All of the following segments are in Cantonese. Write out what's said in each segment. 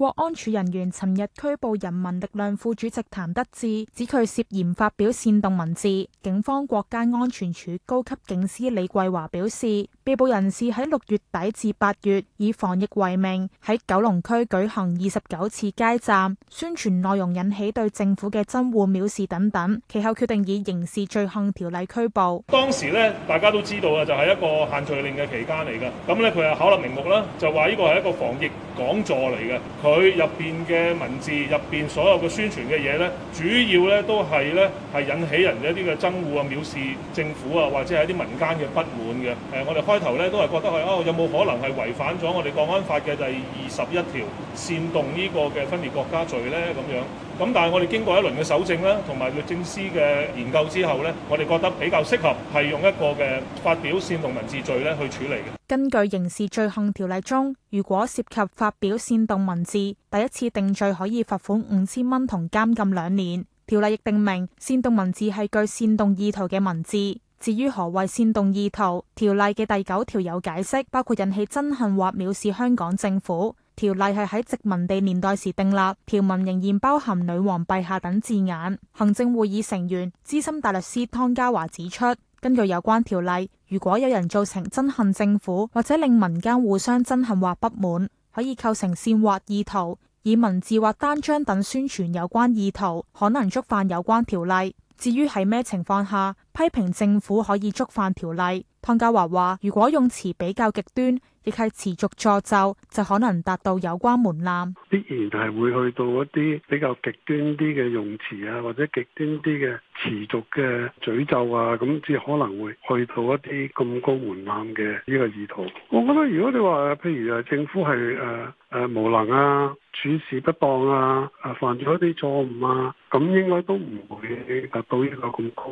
國安處人員尋日拘捕人民力量副主席譚得志，指佢涉嫌發表煽動文字。警方國家安全處高級警司李桂華表示，被捕人士喺六月底至八月以防疫為名喺九龍區舉行二十九次街站，宣傳內容引起對政府嘅憎惡藐視等等，其後決定以刑事罪行條例拘捕。當時呢，大家都知道啊，就係一個限聚令嘅期間嚟嘅，咁呢，佢係考慮名目啦，就話呢個係一個防疫講座嚟嘅。佢入邊嘅文字，入邊所有嘅宣傳嘅嘢呢，主要呢都係呢係引起人一啲嘅憎惡啊、藐視政府啊，或者係一啲民間嘅不滿嘅。誒，我哋開頭呢都係覺得係哦，有冇可能係違反咗我哋國安法嘅第二十一條煽動呢個嘅分裂國家罪呢？咁樣咁。但係我哋經過一輪嘅搜證啦，同埋律政司嘅研究之後呢，我哋覺得比較適合係用一個嘅發表煽動文字罪呢去處理嘅。根據刑事罪行條例中，如果涉及發表煽動文字，第一次定罪可以罰款五千蚊同監禁兩年。條例亦定明，煽動文字係具煽動意圖嘅文字。至於何謂煽動意圖，條例嘅第九條有解釋，包括引起憎恨或藐視香港政府。條例係喺殖民地年代時定立，條文仍然包含女王陛下等字眼。行政會議成員、資深大律師湯家驊指出。根據有關條例，如果有人造成憎恨政府或者令民間互相憎恨或不滿，可以構成煽惑意圖，以文字或單張等宣傳有關意圖，可能觸犯有關條例。至於喺咩情況下，批評政府可以觸犯條例，湯家驊話，如果用詞比較極端，亦係持續詛咒，就可能達到有關門檻，必然係會去到一啲比較極端啲嘅用詞啊，或者極端啲嘅持續嘅詛咒啊，咁至可能會去到一啲咁高門檻嘅呢個意圖。我覺得如果你話譬如誒政府係誒誒無能啊、處事不當啊、啊犯咗一啲錯誤啊，咁應該都唔會達到一個咁高。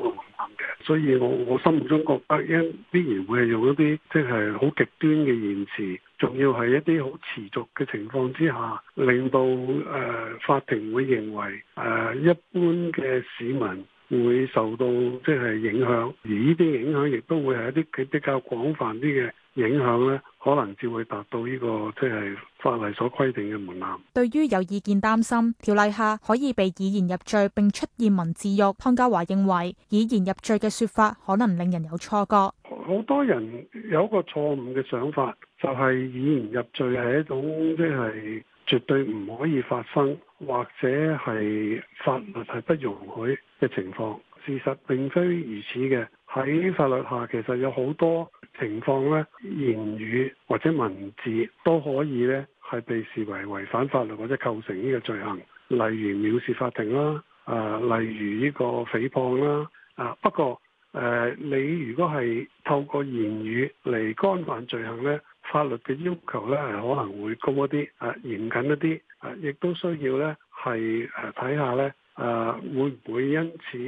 所以我我心目中覺得，因必然會用一啲即係好極端嘅言辭，仲要係一啲好持續嘅情況之下，令到誒、呃、法庭會認為誒、呃、一般嘅市民，會受到即係影響，而呢啲影響亦都會係一啲比較廣泛啲嘅影響咧，可能至會達到呢個即係法例所規定嘅門檻。對於有意見擔心條例下可以被以言入罪並出現文字獄，湯家驊認為以言入罪嘅說法可能令人有錯覺。好多人有一個錯誤嘅想法，就係以言入罪係一種即係。絕對唔可以發生，或者係法律係不容許嘅情況。事實並非如此嘅。喺法律下，其實有好多情況呢，言語或者文字都可以呢，係被視為違反法律或者構成呢個罪行。例如藐視法庭啦，啊、呃，例如呢個誹謗啦，啊、呃，不過誒、呃，你如果係透過言語嚟干犯罪行呢。法律嘅要求咧，係可能會高一啲，啊嚴謹一啲，啊亦都需要咧，係誒睇下咧，啊會唔會因此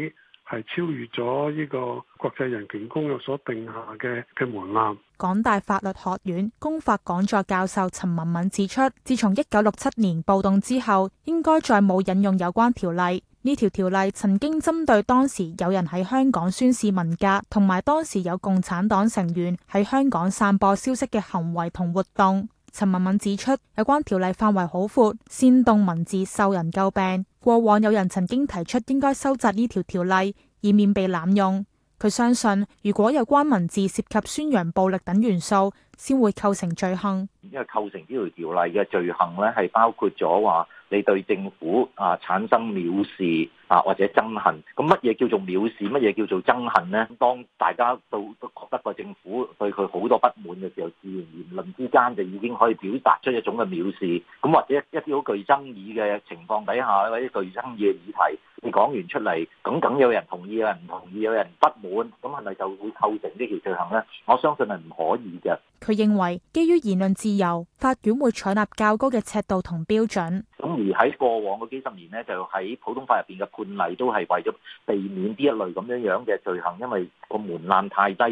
係超越咗呢個國際人權公約所定下嘅嘅門檻？港大法律學院公法講座教授陳文敏指出，自從一九六七年暴動之後，應該再冇引用有關條例。呢條條例曾經針對當時有人喺香港宣示文革，同埋當時有共產黨成員喺香港散播消息嘅行為同活動。陳文敏指出，有關條例範圍好闊，煽動文字受人詬病。過往有人曾經提出應該收窄呢條條例，以免被濫用。佢相信，如果有關文字涉及宣揚暴力等元素，先會構成罪行。因為構成呢條條例嘅罪行呢係包括咗話。你對政府啊產生藐視啊，或者憎恨咁，乜嘢叫做藐視？乜嘢叫做憎恨呢？當大家都都覺得個政府對佢好多不滿嘅時候，自然而然之間就已經可以表達出一種嘅藐視咁，或者一啲好具爭議嘅情況底下，或者具爭議嘅議題，你講完出嚟咁，梗有人同意，有人唔同意，有人不滿，咁係咪就會構成呢條罪行呢？我相信係唔可以嘅。佢認為，基於言論自由，法院會採納較高嘅尺度同標準。而喺過往嗰幾十年咧，就喺普通法入邊嘅判例都係為咗避免呢一類咁樣樣嘅罪行，因為個門檻太低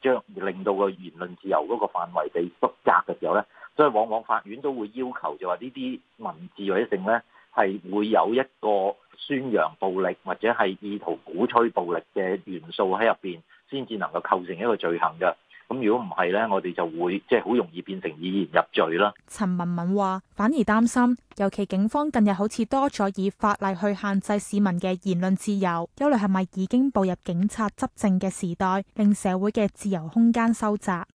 而將令到個言論自由嗰個範圍被縮窄嘅時候咧，所以往往法院都會要求就話呢啲文字或者性咧係會有一個宣揚暴力或者係意圖鼓吹暴力嘅元素喺入邊，先至能夠構成一個罪行嘅。咁如果唔係呢，我哋就會即係好容易變成以言入罪啦。陳文敏話，反而擔心，尤其警方近日好似多咗以法例去限制市民嘅言論自由，憂慮係咪已經步入警察執政嘅時代，令社會嘅自由空間收窄。